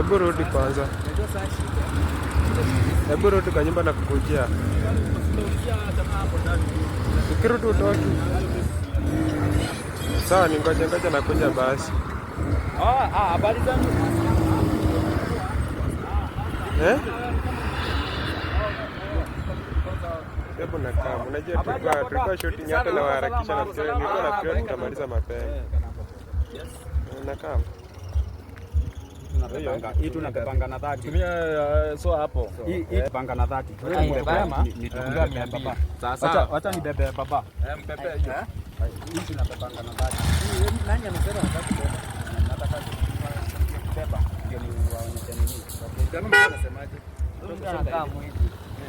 Hebu rudi kwanza, hebu rudi kwa nyumba na kukujia. Ukirudi utoki. Sawa, ni ngoja ngoja na kuja basi. Habari zangu eh? na nakaa, unajua tulikuwa tulikuwa shooting hata na waharakisha, nafikiri nikiwa nafikiri tutamaliza mapema. Nakaa tunapanga na uh, so hapo eh? panga na eh, sasa, acha baba eh,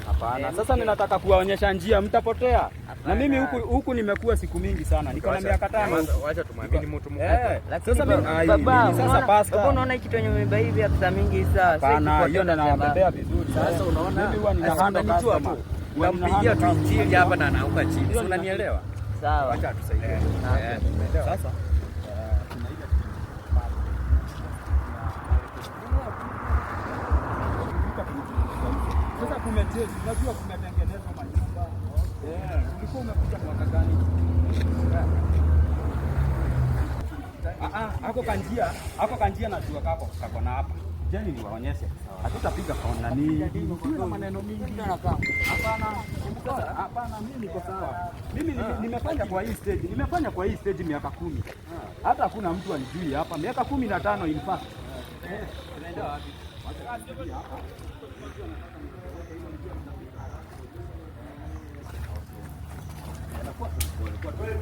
hapana sasa ninataka kuwaonyesha njia mtapotea na mimi huku huku nimekuwa siku mingi sana, niko na miaka tano. Acha tumwambie mtu mkubwa. Eh, sasa mimi sasa pasta, unaona hiki kitu yenye umeiba hivi hata mingi saa sasa, hiyo ndio nawatetea vizuri. Sasa eh, unaona mimi huwa ninahanda mtu hapo, unampigia tu injili hapa na anauka chini, unanielewa? Sawa, acha tusaidie eh, sasa sasa kumetezi, unajua kumetezi Ako kanjia, ako kanjia najua kako kako na hapa. Jeni ni Hatutapiga kona nini. Kuna maneno mingi. Hapana, hapana mimi niko sawa. Mimi nimefanya kwa hii stage, nimefanya kwa hii stage miaka kumi. Hata hakuna mtu anijui hapa. Miaka kumi na tano in fact. Eh, tunaenda wapi? Hapa.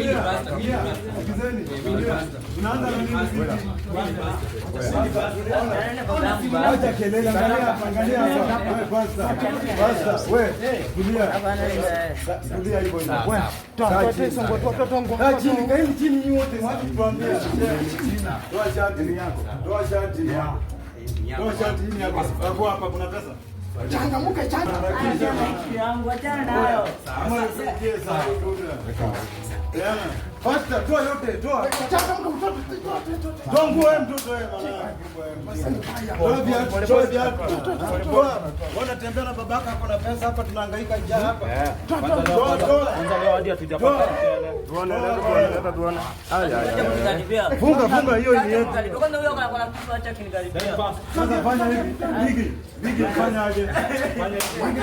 Toa shati hapa, kuna pesa. Changamuke, changamuke. Basta toa yote, toa. Toa nguo wewe mtoto wewe. Toa viatu, toa viatu. Toa. Wanatembea na babaka ako na pesa hapa tunahangaika njaa hmm? hapa. Toa toa. Kwanza leo hadi hatujapata Tuone leo tunaenda tuone. Haya haya. Funga funga hiyo ni yetu. Kwanza huyo kana kitu acha kinikaribia. Sasa fanya hivi. Bigi. Bigi fanya aje? Fanya hivi.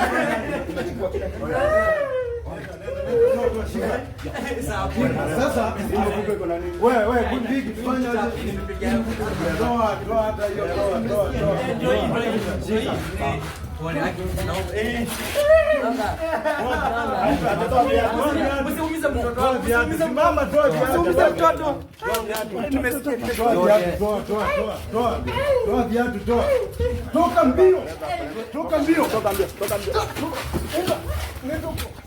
Sasa wewe kundi tufanya doa doa doa doa doa viatu doa, toka mbio, toka mbio, toka mbio, toka mbio